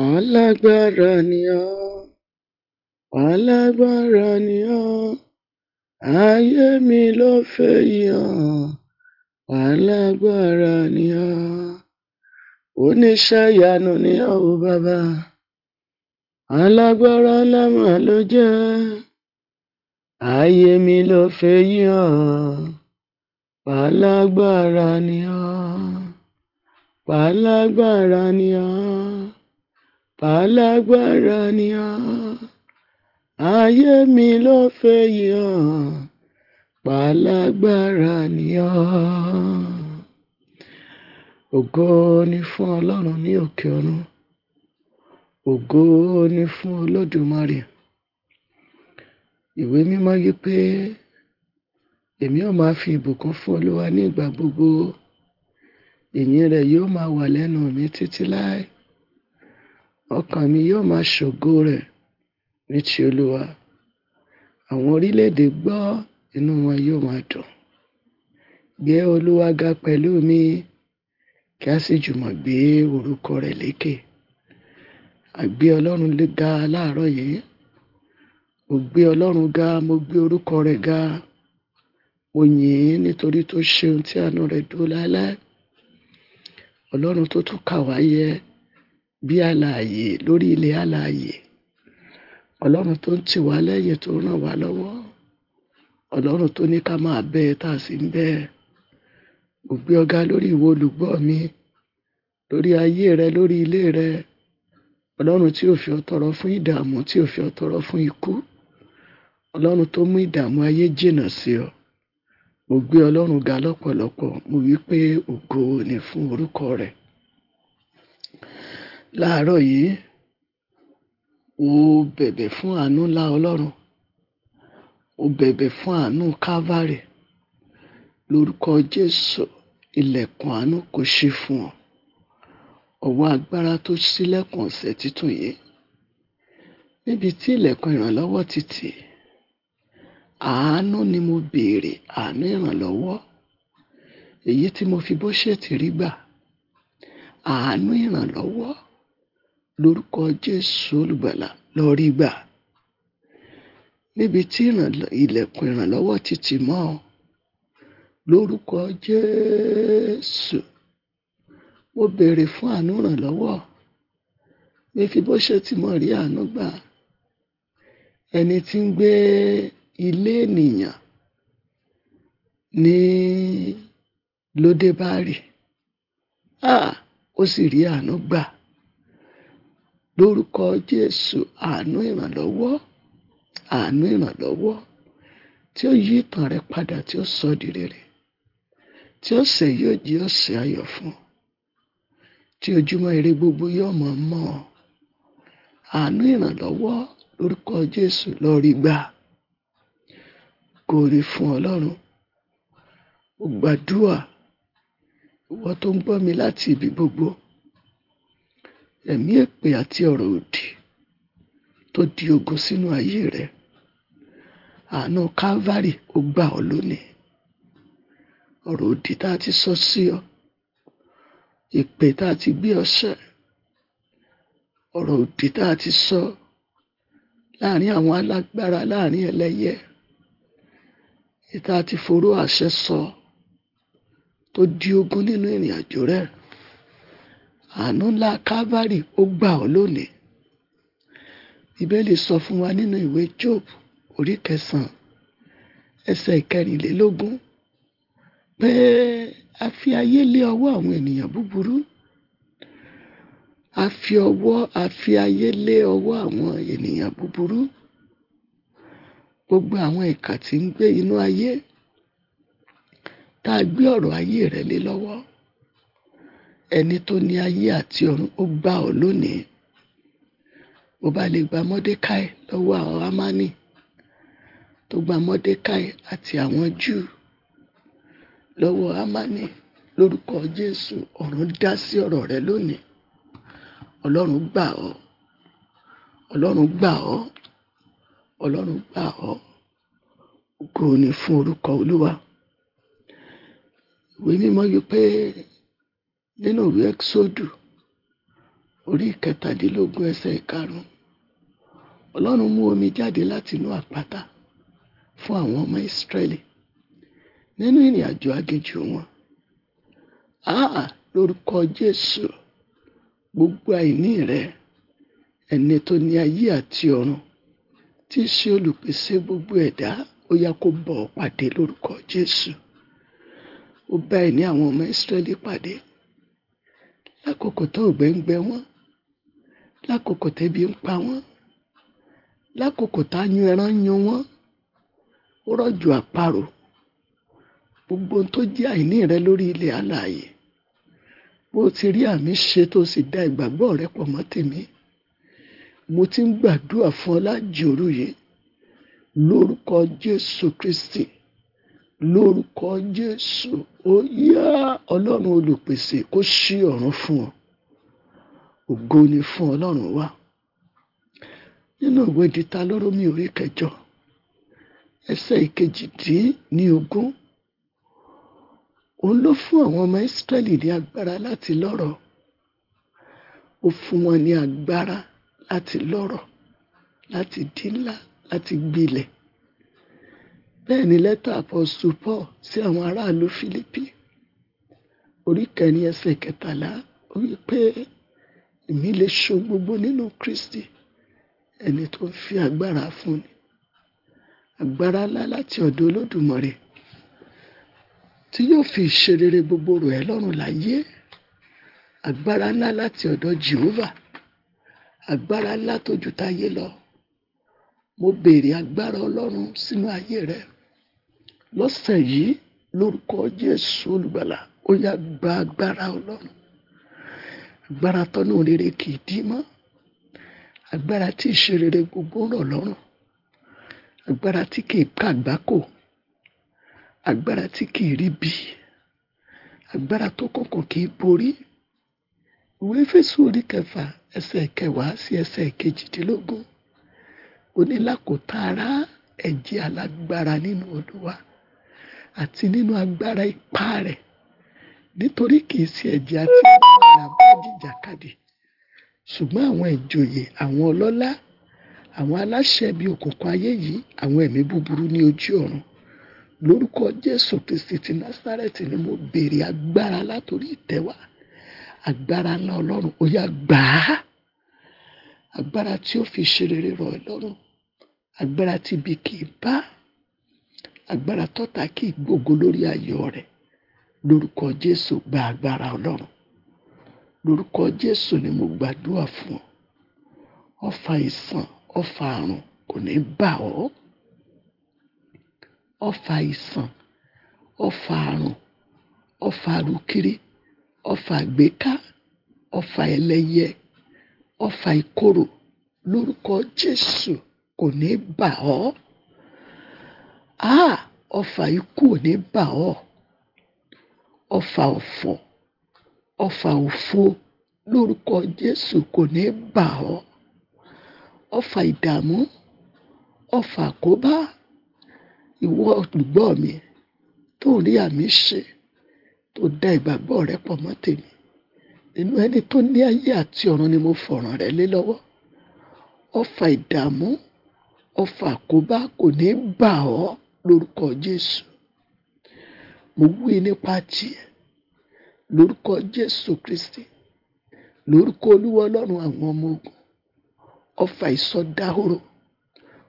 alágbára ni ọ́ alágbára ni ọ́ ayé mi ló fèyí hàn alágbára ni ọ́ oníṣẹ́ ìyanu ni ọ́ o bàbá alágbára ńlá ló jẹ́ ayé mi ló fèyí hàn alágbára ni ọ́ alágbára ni ọ́ alágbára ni ọ́ ayé mi ló fẹ̀yìn hàn pálágbára ni ọ́ ògo ni fún Ọlọ́run ní òkè ọ̀run ògo ni fún Olódùmarè ìwé mímọ́ yí pé èmi ó máa fi ìbùkún fún Olúwa ní ìgbà gbogbo ìyìn rẹ̀ yóò máa wà lẹ́nu mi títí láé ọkàn mi yóò máa ṣògo rẹ ní ti olúwa àwọn orílẹèdè gbọ inú wọn yóò máa dùn gbé olúwa ga pẹlú mi kí a sì jùmọ̀ gbé orúkọ rẹ̀ lékè a gbé ọlọ́run ga láàárọ̀ yìí mo gbé ọlọ́run ga mo gbé orúkọ rẹ̀ ga mo yìn ín nítorí tó ṣeun tí àánú rẹ̀ dúró láéláé ọlọ́run tó tún kà wá yẹ bíi alààyè lórí ilẹ alààyè ọlọrun tó ń tì wá lẹyìn tó ràn wá lọwọ ọlọrun tó ní ká máa bẹ ẹ tá a sì ń bẹ ẹ mo gbé ọgá lórí ìwọ olùgbọ mi lórí ayé rẹ lórí ilé rẹ ọlọrun tí ò fi ọ fún ìdààmú tí ò fi ọ fún ikú ọlọrun tó mú ìdààmú ayé jìnnà sí ọ mo gbé ọlọrun ga lọpọlọpọ mo wí pé ògo ni fún orúkọ rẹ láàárọ̀ yìí mo bẹ̀bẹ̀ fún àánú ńlá ọlọ́run mo bẹ̀bẹ̀ fún àánú calvary lórúkọ jésù ilẹ̀kùn àánú kò ṣí fún ọ ọwọ́ agbára tó ṣílẹ̀kùn ọ̀sẹ̀ tuntun yìí níbi tí ilẹ̀kùn ìrànlọ́wọ́ ti tì àánú ni mo béèrè àánú ìrànlọ́wọ́ èyí tí mo fi bó ṣètì rí gbà àánú ìrànlọ́wọ́ lórúkọ Jésù olùgbàlà lọ rí gbà níbi tí ilẹ̀kùn ìrànlọ́wọ́ ti tì mọ́ ọ lórúkọ Jésù mo béèrè fún àánú ìrànlọ́wọ́ mi fi bó ṣe ti mọ̀ rí àánú gbà ẹni tí ń gbé ilé ènìyàn ní lódébárì ó sì rí àánú gbà lórúkọ jésù àánú ìrànlọ́wọ́ àánú ìrànlọ́wọ́ tí ó yí ìtàn rẹ padà tí ó sọ di rere tí ọ̀sẹ̀ yóò di ọ̀sẹ̀ ayọ̀ fún tí ojúmọ́ ire gbogbo yóò mọ mọ àánú ìrànlọ́wọ́ lórúkọ jésù lọ rí gbà kò rí fún Ọlọ́run ó gbàdúà ìwọ tó ń gbọ́ mi láti ibi gbogbo ẹ̀mí èpè àti ọ̀rọ̀ òdì tó di ogun sínú ayé rẹ àánú calvary ó gbà ọ́ lónìí ọ̀rọ̀ òdì tá a ti sọ sí ọ ìpè tá a ti gbé ọ sẹ́ ọ̀rọ̀ òdì tá a ti sọ láàrin àwọn alágbára láàrin ẹlẹ́yẹ ìta ti foró àṣẹ sọ tó di ogun nínú ìrìn àjò rẹ̀ àánú ńlá calvary ó gbà ọ́ lónìí bíbélì sọ fún wa nínú ìwé job orí kẹsànán ẹsẹ̀ ìkẹrìnlélógún pé a fi ayé lé ọwọ́ àwọn ènìyàn búburú a fi ọwọ́ a fi ayé lé ọwọ́ àwọn ènìyàn búburú gbogbo àwọn ìkà tí ń gbé inú ayé tá a gbé ọ̀rọ̀ ayé rẹ̀ lé lọ́wọ́ ẹni tó ní ayé àti ọ̀run ó gbà ọ́ lónìí bó bá lè gba mọ́dékáì lọ́wọ́ àwọn amánì tó gba mọ́dékáì àti àwọn júù lọ́wọ́ amánì lórúkọ jésù ọ̀run dá sí ọ̀rọ̀ rẹ lónìí ọlọ́run gbà ọ́ ọlọ́run gbà ọ́ ọlọ́run gbà ọ́ ògo ni fún orúkọ olúwa ìwé mímọ́ yìí pé nínú ìwé ẹ́kísódù orí ìkẹtàdínlógún ẹsẹ̀ ìkarùn Ọlọ́run mú omi jáde láti inú àpáta fún àwọn ọmọ Ísírẹ́lì nínú ìrìnàjò aginjù wọn áà lórúkọ Jésù gbogbo àìní rẹ ẹni tó ní ayé àti ọ̀run tí í ṣe olùpèsè gbogbo ẹ̀dá ó yá kó bọ̀ ọ́ pàdé lórúkọ Jésù ó bá ìní àwọn ọmọ Ísírẹ́lì pàdé lákòókò tóǹgbẹ ń gbẹ wọ́n lákòókò tẹ́bi ń pa wọ́n lákòókò táyún ẹran yan wọ́n ó rọ̀jò àparò gbogbo tó jẹ́ àìní rẹ lórí ilẹ̀ alààyè bó ti rí àmì ṣe tó sì da ìgbàgbọ́ rẹ pọ̀ mọ́ tèmi mo ti ń gbàdúrà fún ọ lájòrò yìí lórúkọ Jésù Kristi lórúkọ Jésù ó yá Ọlọ́run olùpèsè kó ṣí ọ̀run fún ọ ògo ni fún Ọlọ́run wa nínú ìwé ìdíta lóró mi orí kẹjọ ẹsẹ̀ ìkejì dín ní ogún òun ló fún àwọn ọmọ Ísírẹ́lì ní agbára láti lọ́rọ̀ ó fún wọn ní agbára láti lọ́rọ̀ láti di láti gbilẹ̀ Bẹ́ẹ̀ ni lẹ́tà Apostle Paul sí àwọn aráàlú Fílípì orí kẹrin ẹsẹ̀ kẹtàlá ó wí pé èmi lè ṣe ohun gbogbo nínú Kristi ẹni tó ń fi agbára fúnni agbára ńlá láti ọ̀dọ̀ Olódùmarè tí yóò fi ìṣerere gbogbo rọ̀ ẹ́ lọ́rùn láyé agbára ńlá láti ọ̀dọ̀ Jèhófà agbára ńlá tó ju lọ mo béèrè agbára Ọlọ́run sínú ayé rẹ lọ́sẹ̀ yìí lórúkọ Jésù olùgbàlà ó yá gba agbára ọlọ́run agbára tọ́nú rere kì í dín mọ́ agbára tí ìṣe rere gbogbo rọ̀ lọ́rùn agbára tí kì í kàgbákò agbára tí kì í rí bí agbára tó kọ̀kọ̀ kì í borí ìwé Éfésù orí kẹfà ẹsẹ̀ kẹwàá sí ẹsẹ̀ kejìdínlógún onílàkótá ara ẹ̀jẹ̀ alágbára nínú Olúwa àti nínú agbára ipá rẹ̀ nítorí kìí ṣe ẹ̀jẹ̀ àti ìgbàlà bá jìjàkadì ṣùgbọ́n àwọn ìjòyè àwọn ọlọ́lá àwọn aláṣẹ bíi òkùnkùn ayé yìí àwọn ẹ̀mí búburú ní ojú ọ̀run lórúkọ Jésù Kristi ti Násárẹ́tì ni mo béèrè agbára látòrí ìtẹ́ wa agbára ńlá Ọlọ́run ó yá gbà á agbára tí ó fi ṣe rere rọ̀ ẹ́ lọ́rùn agbára tí ibi kì í bá agbára tọ́ta kì í gbógun lórí ayọ̀ rẹ̀ lórúkọ jésù gba agbára ọlọ́run lórúkọ jésù ni mo gbàdúrà fún ọ ọfà ìsàn ọfà àrùn kò ní bà ọ ọfà ìsàn ọfà àrùn ọfà àrùkiri ọfà àgbéká ọfà ẹlẹ́yẹ ọfà ìkorò lórúkọ jésù kò ní bà ọ háà ọfà ikú ò ní bà ọ́ ọfà ọ̀fọ̀ ọfà òfo lórúkọ Jésù kò ní bà ọ́ ọfà ìdààmú ọfà àkóbá ìwọ olùgbọ́ mi tó rí àmì ṣe tó dá ìgbàgbọ́ rẹ pọ̀ mọ́ tèmi nínú ẹni tó ní ayé àti ọ̀run ni mo fọ̀ràn rẹ lé lọ́wọ́ ọfà ìdààmú ọfà àkóbá kò ní bà ọ́ lórúkọ Jésù. Mo wí nípa tiẹ̀ lórúkọ Jésù Kristi lórúkọ Olúwa Ọlọ́run àwọn ọmọ ogun ọfà ìsọdahoro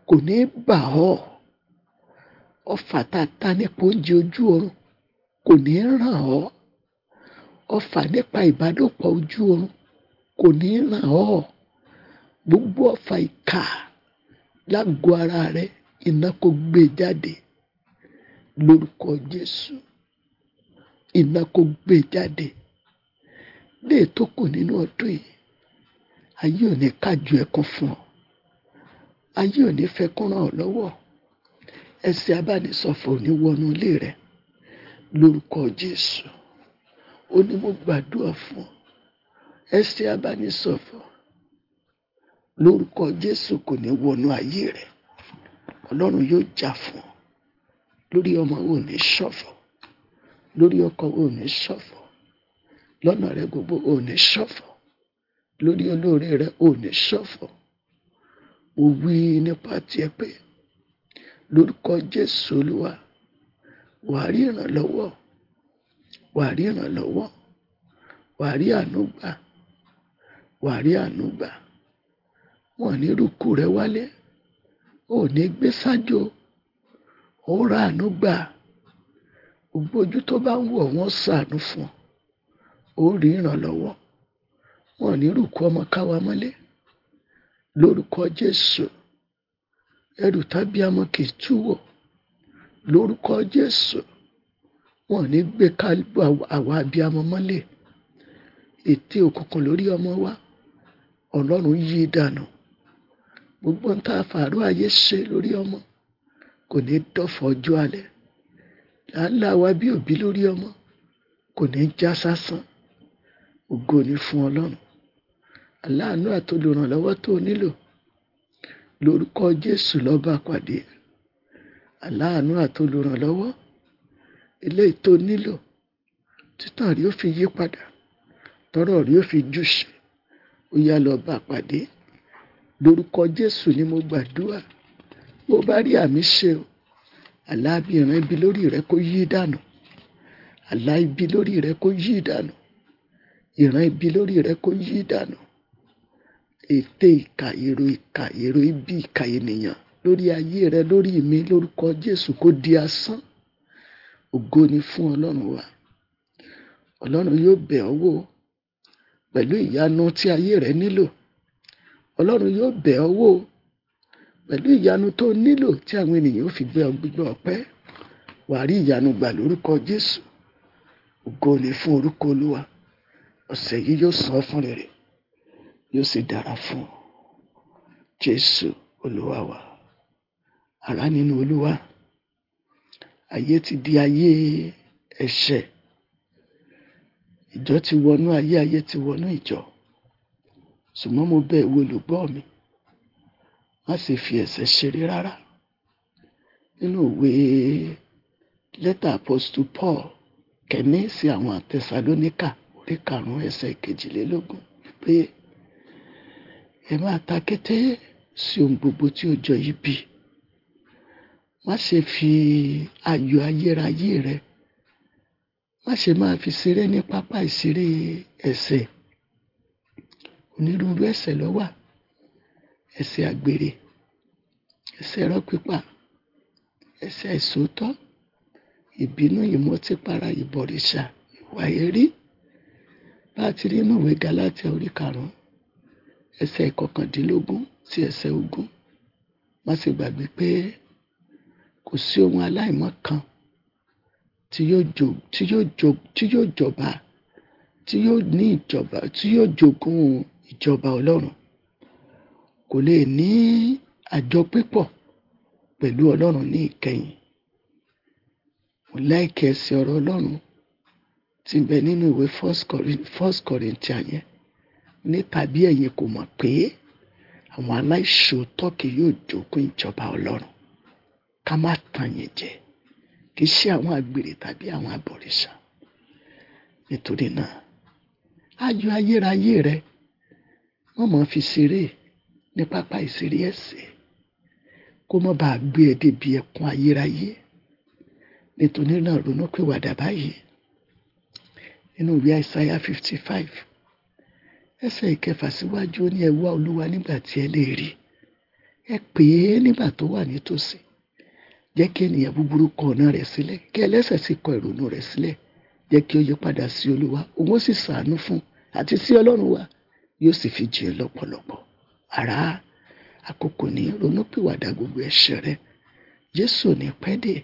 kò ní bà ọ́ ọfà tata nípa oúnjẹ ojú oorun kò ní ràn ọ́ ọfà nípa ìbálòpọ̀ ojú oorun kò ní ràn ọ́ gbogbo ọfà ìkà lágọ̀ọ́ ara rẹ̀ iná kó gbé jáde lórúkọ Jésù iná kó gbé jáde lè tó kù nínú ọdún yìí ayé ò ní kájú ẹkún fún ọ ayé ò ní fẹ́ kún ràn ọ́ lọ́wọ́ ẹsẹ̀ abánisọ̀fọ̀ ò wọnú ilé rẹ lórúkọ Jésù ó mo gbàdúrà fún ẹsẹ̀ abánisọ̀fọ̀ lórúkọ Jésù kò ní wọnú ayé rẹ ọlọ́run yóò jà fún ọ lórí ọmọ wo ní ṣọ̀fọ̀ lórí ọkọ wo ní ṣọ̀fọ̀ lọ́nà rẹ gbogbo ò ní ṣọ̀fọ̀ lórí olóore rẹ ò ní ṣọ̀fọ̀ ò wí nípa tiẹ̀ pé lórúkọ Jésù Olúwa wàá rí ìrànlọ́wọ́ wàá rí ìrànlọ́wọ́ wàá rí àánú wàá rí àánú gbà wọn ní rúkú rẹ wálé ò ní gbé sájò ó ráàánú gbà gbogbo ojú tó bá ń wọ̀ wọ́n ṣàánú fún ọ ó rí ìrànlọ́wọ́ wọn ò ní rúkú ọmọ káwa mọ́lé lórúkọ Jésù ẹrù tábí amọ kì í túwò lórúkọ Jésù wọn ní gbé kálíbù àwa abiyamọ mọ́lẹ̀ ète òkùnkùn lórí ọmọ wa Ọlọ́run yí dànù gbogbo nǹkan àfààrọ ayé ṣe lórí ọmọ kò ní dọ̀fọ̀ ọjọ́ alẹ́ làálàá wa bí òbí lórí ọmọ kò ní já sásán ògo ni fún Ọlọ́run aláàánú àtolùrànlọ́wọ́ tó o nílò lórúkọ Jésù lọba pàdé aláàánú àtolùrànlọ́wọ́ eléyìí tó nílò títàn rí ó fi yí padà tọrọ rí ó fi jùṣe ó yá lọ pàdé lórúkọ jésù ni mo gbàdúrà bó bá rí àmì ṣe o àlá ìran ibi lórí rẹ kó yí dànù àlá ibi lórí rẹ kó yí dànù ìran ibi lórí rẹ kó yí dànù ète ìkà èrò ìkà èrò ibi ìkà ènìyàn lórí ayé rẹ lórí mi lórúkọ jésù kó di asán ògo ni fún ọlọ́run wa ọlọ́run yóò bẹ̀ ọ́ wò pẹ̀lú ìyanu tí ayé rẹ nílò ọlọ́run yóò bẹ̀ ọ́ wò pẹ̀lú ìyanu tó nílò tí àwọn ènìyàn fi gbé gbígbé ọpẹ́ wàá rí ìyanu gbà lórúkọ jésù ògo ni fún orúkọ olúwa ọ̀sẹ̀ yìí yóò sọ fún rere yóò sì dára fún ọ jésù olúwa wa ará nínú olúwa ayé ti di ayé ẹ̀ṣẹ̀ ìjọ ti wọnú ayé ayé ti wọnú ìjọ ṣùgbọ́n mo bẹ̀ ìwọ olùgbọ́ mi má ṣe fi ẹ̀ṣẹ̀ ṣeré rárá nínú ìwé lẹ́tà apostle paul kẹ́ni sí àwọn àtẹ̀sálóníkà orí karùn-ún ẹsẹ̀ kejìlélógún pé ẹ máa ta kété sí ohun gbogbo tí ó jọ yìí bí má ṣe fi ayọ̀ ayérayé rẹ má ṣe máa fi ṣeré ní pápá ìṣeré ẹ̀ṣẹ̀ onírúurú ẹ̀ṣẹ̀ ló wà ẹ̀ṣẹ̀ àgbèrè ẹ̀ṣẹ̀ ẹrọ pípa ẹ̀ṣẹ̀ ìṣòótọ́ ìbínú ìmọtípara ìbọrìṣà ìwà èérí bá a ti rí inú ìwé Gálátíà orí karùnún ẹsẹ̀ ìkọkàndínlógún sí ẹsẹ̀ ogún má sì gbàgbé pé kò sí ohun aláìmọ́ kan tí yóò jọba tí yóò ní ìjọba tí yóò jogún ìjọba ọlọ́run kò lè ní àjọpépọ̀ pẹ̀lú ọlọ́run ní ìkẹyìn mo láìkí ẹsẹ̀ ọ̀rọ̀ ọlọ́run tí ń bẹ nínú ìwé first corinthian yẹn ní tàbí ẹ̀yin kò mọ̀ pé àwọn aláìṣòótọ́ kì yóò jogún ìjọba ọlọ́run ká má tàn jẹ kì í ṣe àwọn àgbèrè tàbí àwọn abọ̀rìṣà nítorí náà ayọ̀ ayérayé rẹ wọ́n mọ̀ fi ṣeré ní pápá ìṣeré ẹ̀sẹ̀ kó mọ́ bàa gbé ẹ débi ẹkún ayérayé nítorí náà ronú pìwàdà báyìí nínú ìwé àìsáyà fifty five ẹsẹ̀ ìkẹfà síwájú ó ní ẹ wá olúwa nígbà tí ẹ lè rí ẹ pè é nígbà tó wà nítòsí jẹ́ kí ènìyàn búburú kọ ọ̀nà rẹ̀ sílẹ̀ kí ẹlẹ́ṣẹ̀ sì kọ ìrònú rẹ̀ sílẹ̀ jẹ́ kí ó yí padà sí olúwa òun ó sì sàánú fún àti sí ọlọ́run wa yóò sì fi jẹ lọ́pọ̀lọpọ̀ ará àkókò ní ronúpìwàdà gbogbo ẹ̀ṣẹ̀ rẹ jésù ní pẹ́ẹ́dẹ̀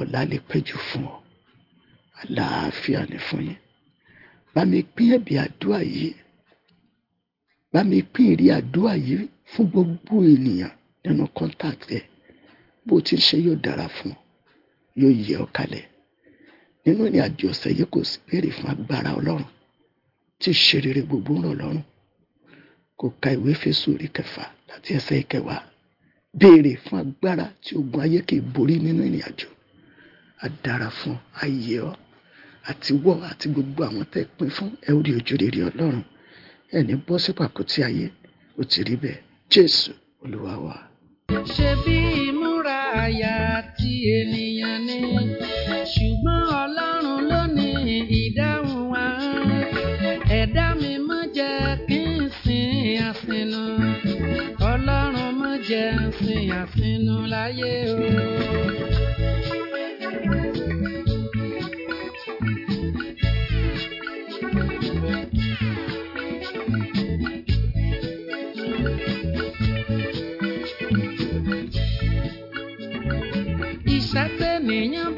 ọ̀la lè pẹ́jù fún ọ àlàáfíà ní fún yín bá mi pín ẹ̀bì àdúrà yìí bá mi pín ìrí àdúrà yìí fún gbogbo ènìyàn nínú contact rẹ bó ti ṣe yóò dára fún yóò yẹ ọ kalẹ̀ nínú ìrìn àjò ọ̀sẹ̀ yìí kò sí béèrè fún agbára ọlọ́run tí ṣe rere gbogbo ń rọ̀ lọ́rùn kò ka ìwé Éfésù orí kẹfà láti ẹsẹ̀ ìkẹwàá béèrè fún agbára tí ogun ayé kì í borí nínú ìrìn àjò á dára fún ayé ọ àti wọ àti gbogbo àwọn tẹ́ pín fún ẹ ojú rere Ọlọ́run ẹni bọ́ sí pàkútí ayé ó ti rí bẹ́ẹ̀ Jésù Olúwa wa. ṣe bí ìmúra àyà ti ènìyàn ni ṣùgbọ́n. jẹ́ sin àfinú láyé o. Iṣẹ́ tẹ̀nìyàn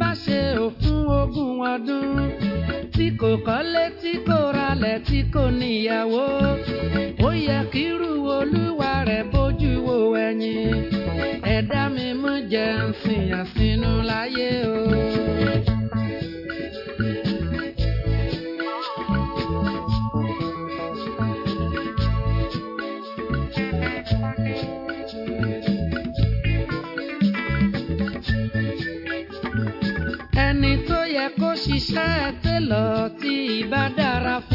bá ṣe ò fún ogún ọdún tí kò kọ́lé tí kò ralẹ̀ tí kò níyàwó ó yẹ kírú olúwa rẹ̀ bó ẹ̀dá mi mọ̀ jẹ́ ń sìn àsìnú láyé o. ẹni tó yẹ kó ṣiṣẹ́ télọ̀ tí ìbá dára fún.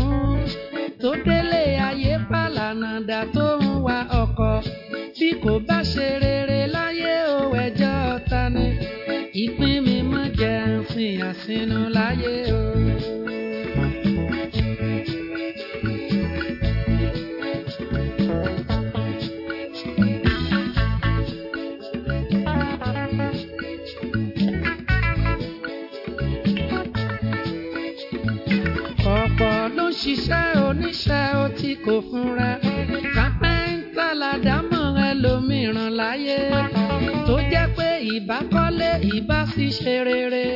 ṣiṣẹ́ oníṣẹ́ ó ti kò fúnra kápẹ́ńtà làdámọ̀ ẹlòmíràn láyé tó jẹ́ pé ìbákọ́lé ìbá sì ṣe rere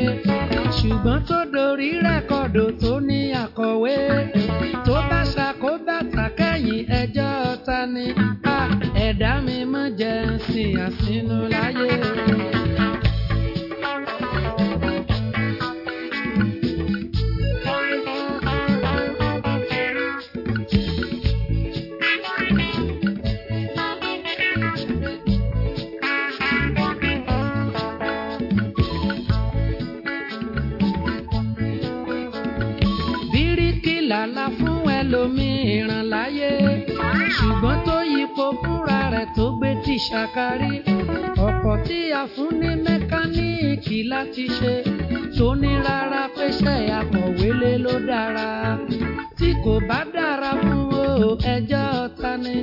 ṣùgbọ́n tó dorí rẹ́kọ̀dù tó ní àkọ̀wé tó bá ṣàkóbá tàkẹ́yìn ẹjọ́ ta ni ẹ̀dá mi mọ̀ jẹ́ sìn àsínú láyé. kárí ọkọ̀ tí a fún ní mẹkáníìkì láti ṣe tó ní rárá pẹ́ṣẹ́ akọ̀wélé ló dára tí kò bá dára fún o ẹjọ́ ta ni.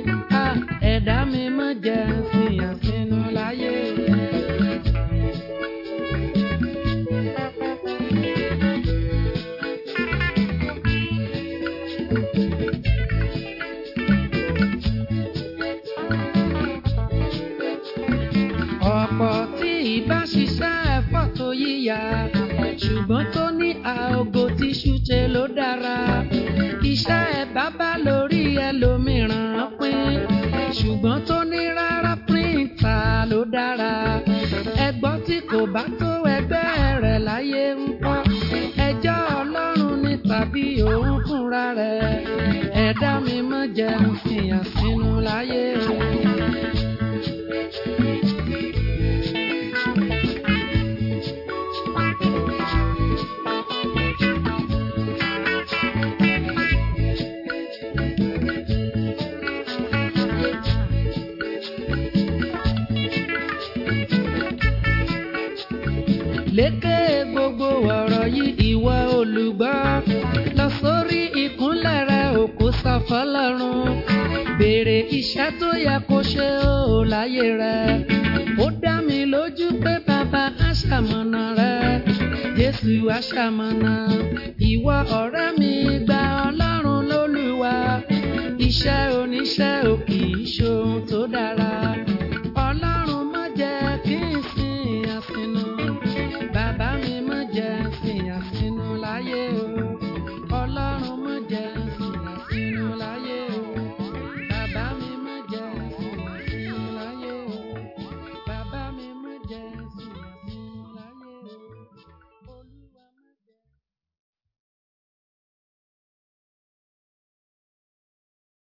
no la láyé. fọlọ́run béèrè iṣẹ́ tó yẹ kó ṣe ó láyé rẹ̀ ó dá mi lójú pé bàbá aṣàmọ̀nà rẹ̀ Jésù aṣàmọ̀nà ìwọ ọ̀rẹ́ mi gba Ọlọ́run lólùwà iṣẹ́ oníṣẹ́ òkè.